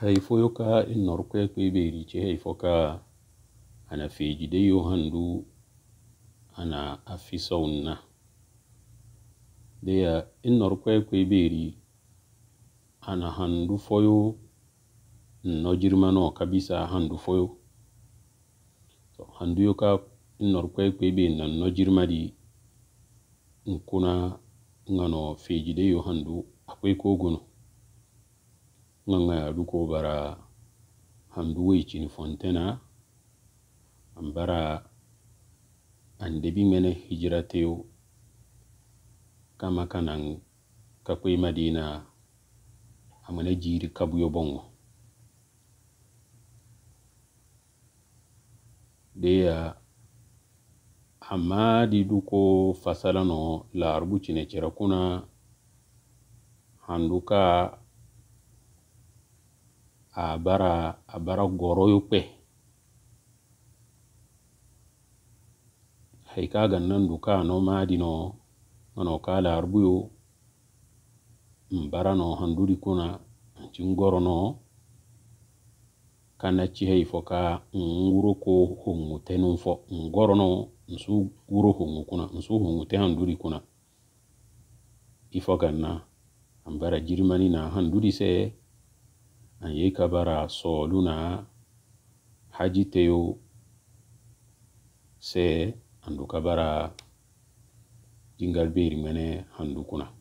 haifoyoka inorkwe kweberi che ka ana yo handu ana afisaunna deya inorkwe kweberi ana handu foyo no jirmano kabisa handu foyo so, handu yoka inorkwe kwebe na no jirmadi nkuna ngano yo handu akwe kogono ŋaŋa a duko bara handu wicini fontena an bara an mene hijira tewu kama kanan kakwai madina amana jiri kabuyo bongo deya amma di duko n'o, laarbu cine cira kuna handu abara abara a bara goroyupe hay ka gannan duka no madino mano kala arbuyo mbara no handuri kuna cingoro no kana ci hay fo ka nguro ko hongu tenun fo ngoro no nsu wuro hongu kuna nsu hongu te handuri kuna ifo ganna ambara jirmani na handuri se a yi kabara solu na haji teyo sai an duka bara jingar beri mene handu kuna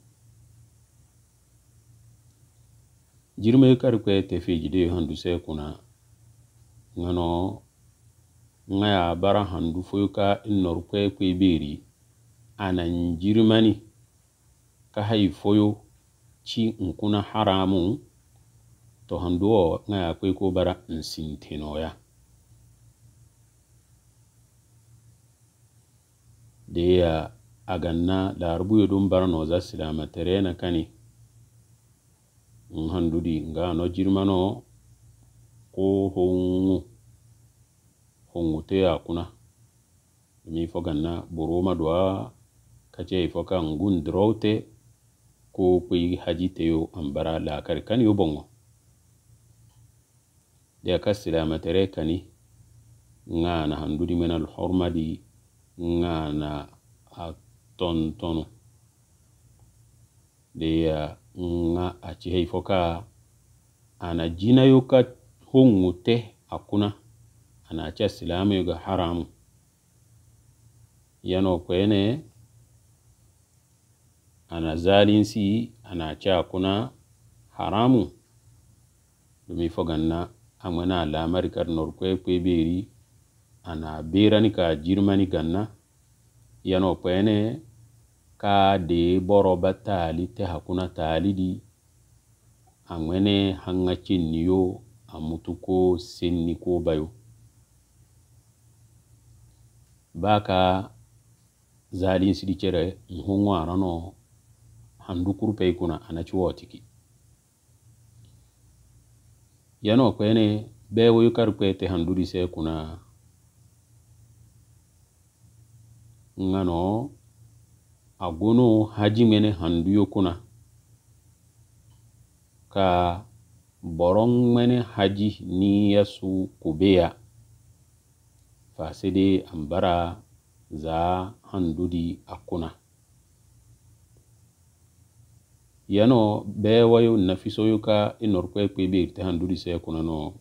jirma yi karkwe tafi gide handu sai kuna ngano ngaya bara handu fuka in norkwe kwe beri anan jirmani ka hai foyo ci nkuna haramun to handuo na ya kwe ko bara nsintino ya de ya aganna larbu yodum bara no za silama terena kani handudi nga no jirmano ko hongu hongu te yakuna mi foganna boroma dua kace kan ngun drote ko kwe haji teyo ambara lakari kani yo bongo de a ka silamatere kani ŋa na handuri mena alhorma di ŋa na a tontono deya ŋa a cihei fo ka ana jinayo ka honŋo te a kuna ana a ca silamayo ga haramu yano kwene ana zalinsi ana ca kuna haramu domin fo ganna amana lamari kar norkwe kwe beri ana berani ka jirmani ganna yano pene ka de boroba tali te hakuna tali di angwene hanga niyo amutuko senni ko bayo baka zalin sidi kere nhungwa rano handukuru pe kuna anachiwotiki yana kwene bewo yukar kwete handuri se kuna ngano agono haji mene handuyo kuna ka boron mene haji ni yasu kubeya fasede ambara za handudi akuna yano bewayo nafisoyo ka inorkwe kwebe irte handuri se kunano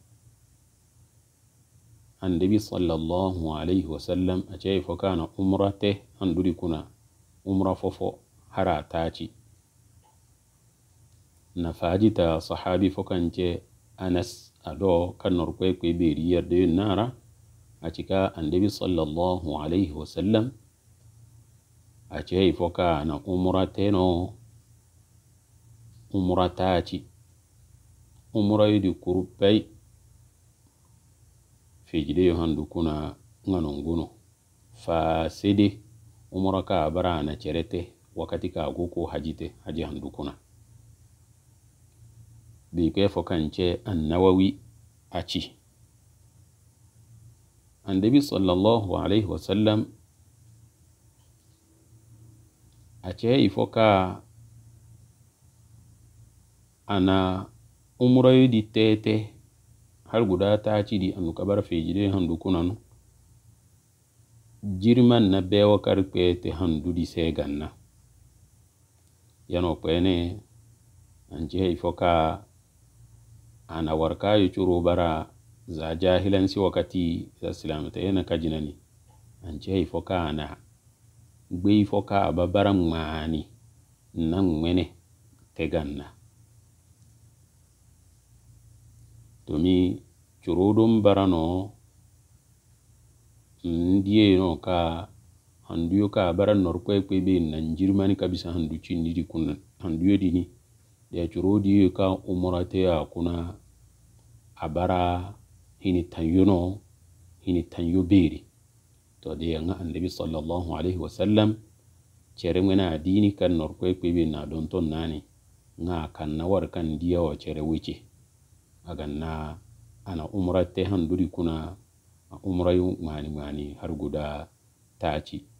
annabi sallallahu alaihi wasallam ace fo kana umra te handuri kuna umra fofo hara taci nafajita sahabi fo kance anas ado kanorkwe kwebe iri yarde nara acika annabi sallallahu alaihi wasallam ace fo kana umra noo. umra tati umrayidi kurubbay fijideyo handu kuna ŋanunguno fasidi umra ka abara ana cerete wakati ka agu ku hajite haji handu kuna dike fo kance annawawi aci annabi sallallahu alaihi wasallam ace ifo ka ana umroyidi tete har guda tacidi anukabar fejide handu kunan jirman na bewakar kpete handu di se ganna yano kpene anje ifoka ana warka yu churu bara za jahilan si wakati za silamata yana kajinani anje ifoka ana gbe ifoka ababara mani na mwene te ganna domin corodon barano ndiye no ka handuyo ka baran norkoy kwe be nan jirman ka bisa handu cinni di kun handuyo dini de corodiyo ka umorate ya kuna abara hini tayuno hini tayu beri to de yanga annabi sallallahu alaihi wasallam cere ngena dini kan norkoy kwe be na don ton nani nga kan nawar kan diyo cere wuce aganna ana umra te durikuna kuna a umra mani mani har guda ta taci